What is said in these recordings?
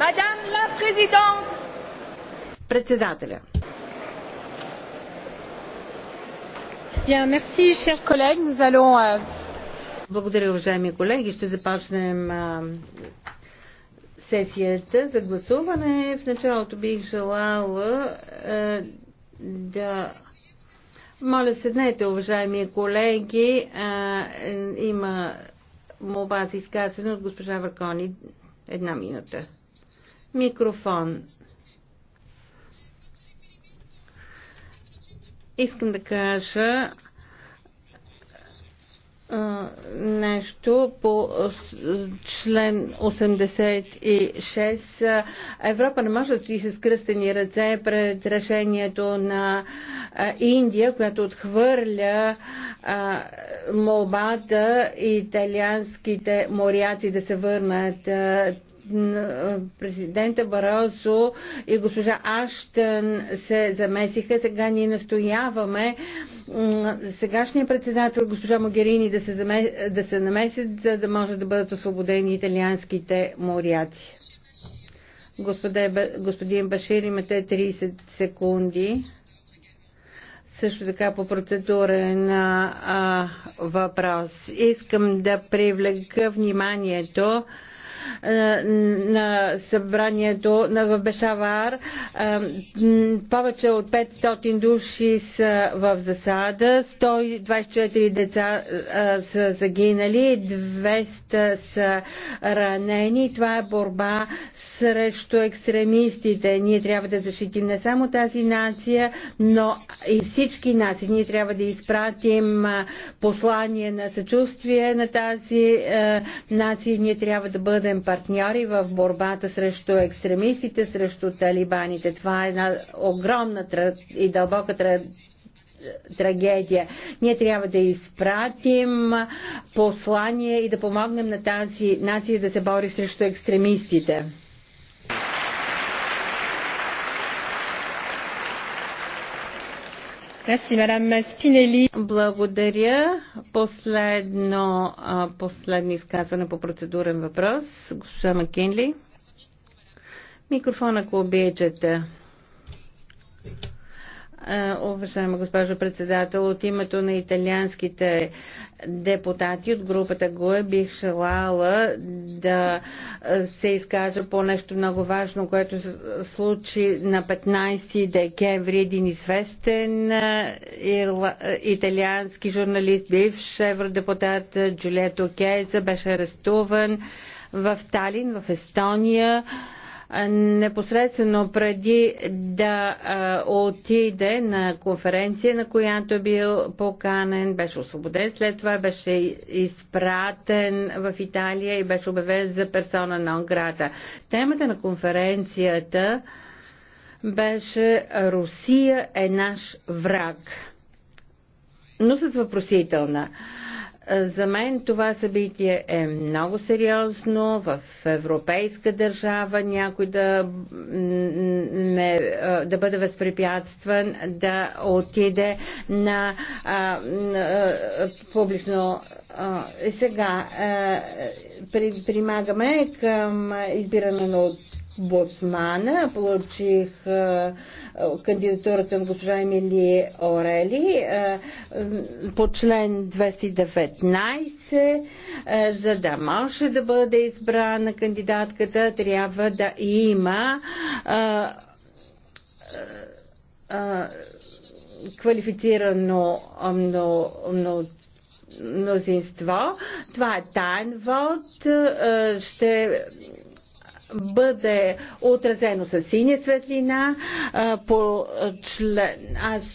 Мадам ла президент! Председателя. Bien, merci, chers collègues. Nous allons, euh, Благодаря, уважаеми колеги. Ще започнем а, сесията за гласуване. В началото бих желала а, да. Моля, седнете, уважаеми колеги. А, има молба за изказване от госпожа Варкони. Една минута микрофон. Искам да кажа нещо по член 86. Европа не може да стои с кръстени ръце пред решението на Индия, която отхвърля молбата италианските моряци да се върнат президента Баросо и госпожа Аштън се замесиха. Сега ние настояваме сегашния председател госпожа Могерини да се, заме, да се намесят, за да може да бъдат освободени италианските моряци. Господе, господин Башир, имате 30 секунди. Също така по процедура на а, въпрос. Искам да привлека вниманието е, на събранието на Бешавар. Е, повече от 500 души са в засада, 124 деца е, са загинали, 200 са ранени. Това е борба срещу екстремистите. Ние трябва да защитим не само тази нация, но и всички нации. Ние трябва да изпратим послание на съчувствие на тази нация. Ние трябва да бъдем партньор партньори в борбата срещу екстремистите, срещу талибаните. Това е една огромна и дълбока трагедия. Ние трябва да изпратим послание и да помогнем на тази нация да се бори срещу екстремистите. Благодаря. Последно, последно изказване по процедурен въпрос. Госпожа Макинли. Микрофон, ако обичате. Уважаема госпожо председател, от името на италианските депутати от групата ГУЕ бих желала да се изкажа по нещо много важно, което се случи на 15 декември. Един известен е, италиански журналист, бивш евродепутат Джулието Кейза, беше арестуван в Талин, в Естония непосредствено преди да отиде на конференция, на която е бил поканен, беше освободен, след това беше изпратен в Италия и беше обявен за персона на Онграда. Темата на конференцията беше Русия е наш враг. Но с въпросителна. За мен това събитие е много сериозно. В европейска държава някой да, не, да бъде възпрепятстван да отиде на а, а, публично. А, сега а, при, примагаме към избиране на Босмана. Получих а, кандидатурата на госпожа Емили Орели а, по член 219, а, за да може да бъде избрана кандидатката, трябва да има а, а, квалифицирано мно, мнозинство. Това е тайн вод. Ще бъде отразено с синя светлина. По член... Аз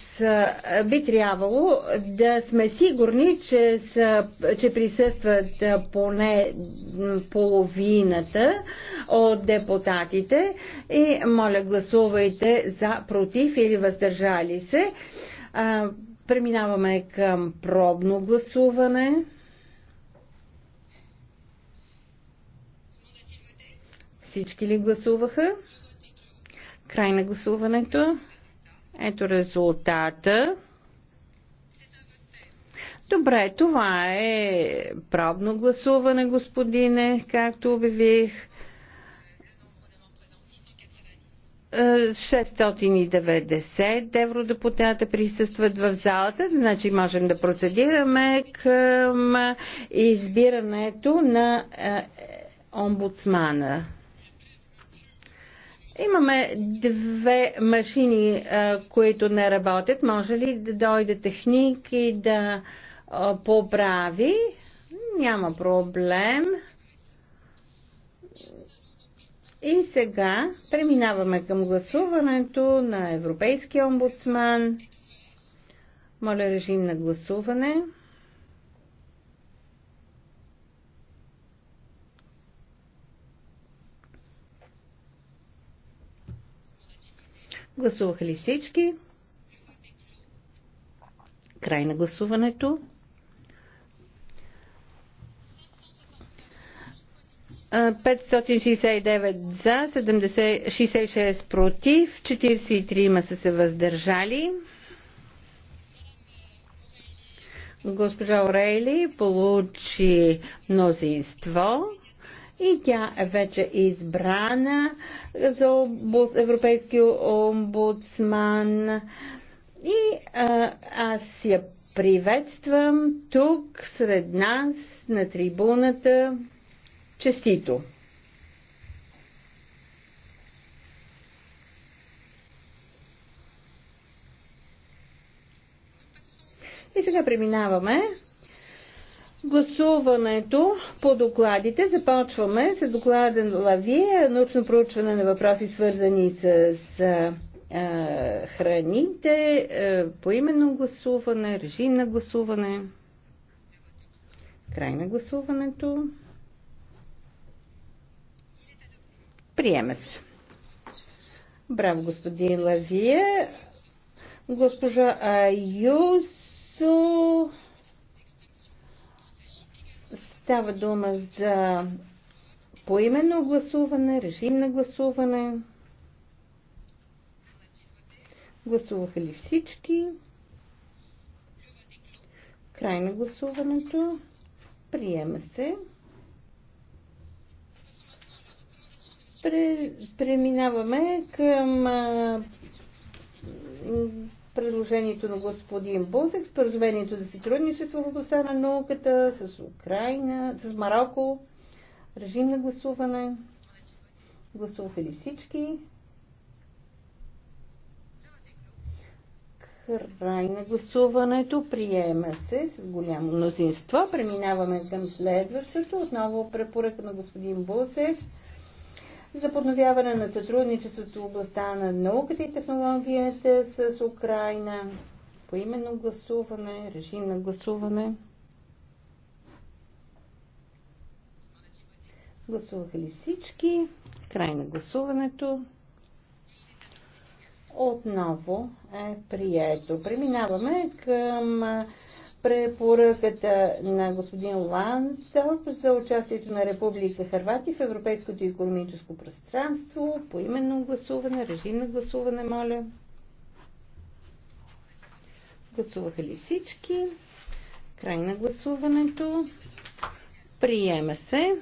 би трябвало да сме сигурни, че, са, че присъстват поне половината от депутатите и моля гласувайте за против или въздържали се. Преминаваме към пробно гласуване. Всички ли гласуваха? Край на гласуването. Ето резултата. Добре, това е правно гласуване, господине, както обявих. 690 е, евродепутата присъстват в залата, значи можем да процедираме към избирането на е, омбудсмана. Имаме две машини, които не работят. Може ли да дойде техник и да поправи? Няма проблем. И сега преминаваме към гласуването на Европейския омбудсман. Моля режим на гласуване. Гласуваха ли всички? Край на гласуването. 569 за, 70, 66 против, 43 са се въздържали. Госпожа Орейли получи мнозинство и тя е вече избрана за европейски омбудсман. И а, аз я приветствам тук сред нас на трибуната. Честито! И сега преминаваме гласуването по докладите. Започваме с доклада на Лавие, научно проучване на въпроси свързани с, с а, храните, а, поименно гласуване, режим на гласуване, край на гласуването. Приеме се. Браво, господин Лавие. Госпожа Айюсо Става дума за поименно гласуване, режим на гласуване. Гласуваха ли всички? Край на гласуването. Приема се. Преминаваме към предложението на господин Бузек, споразумението за сътрудничество в областта на науката с Украина, с Марокко, режим на гласуване. Гласуваха ли всички? Край на гласуването. Приема се с голямо мнозинство. Преминаваме към следващото. Отново препоръка на господин Бусев за подновяване на сътрудничеството в областта на науката и технологията с Украина. Поименно гласуване, режим на гласуване. Гласуваха ли всички? Край на гласуването. Отново е прието. Преминаваме към препоръката на господин Ланцов за участието на Република Харватия в Европейското економическо пространство, по именно гласуване, режим на гласуване, моля. Гласуваха ли всички? Край на гласуването. Приема се.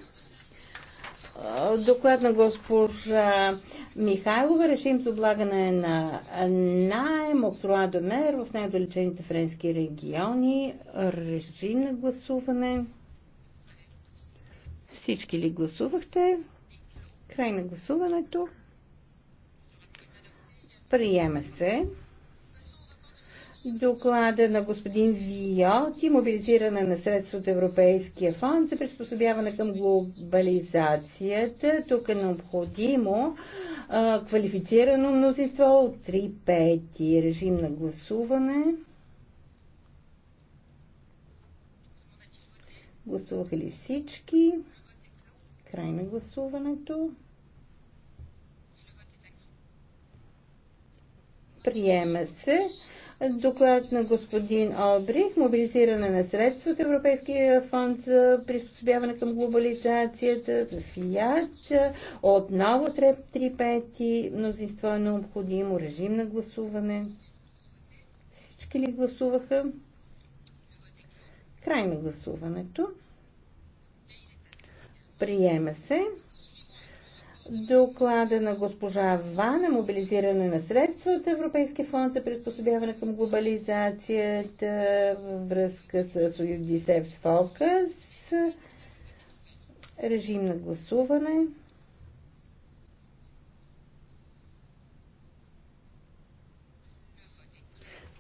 Доклад на госпожа Михайлова. Решим с облагане на найем от Руадомер в най-долечените френски региони. Режим на гласуване. Всички ли гласувахте? Край на гласуването. Приема се доклада на господин Виот и мобилизиране на средства от Европейския фонд за приспособяване към глобализацията. Тук е необходимо а, квалифицирано мнозинство от 3 5 Режим на гласуване. Гласуваха ли всички? Край на гласуването. Приема се. Доклад на господин Обрих, мобилизиране на средства от Европейския фонд за приспособяване към глобализацията, за ФИАТ, отново треп 3 пети, мнозинство е необходимо, режим на гласуване. Всички ли гласуваха? Край на гласуването. Приема се доклада на госпожа Вана, мобилизиране на средства от Европейския фонд за приспособяване към глобализацията във връзка с UDCEF с фокус. Режим на гласуване.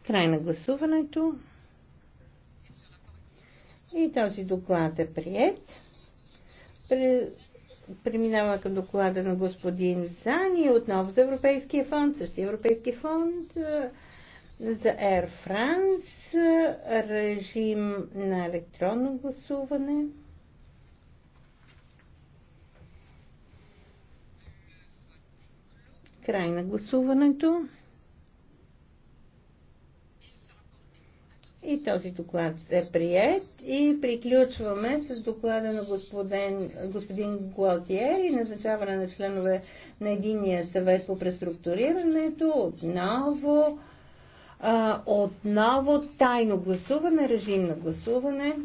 Край на гласуването. И този доклад е прият. Преминаваме към доклада на господин Зани, отново за Европейския фонд, същия Европейски фонд за Air France, режим на електронно гласуване. Край на гласуването. И този доклад е прият. И приключваме с доклада на господин, господин Гуалтиер и назначаване на членове на единия съвет по преструктурирането. Отново, а, отново тайно гласуване, режим на гласуване.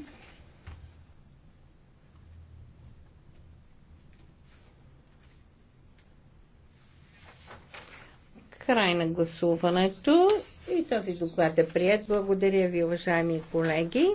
край на гласуването и този доклад е прият. Благодаря ви, уважаеми колеги.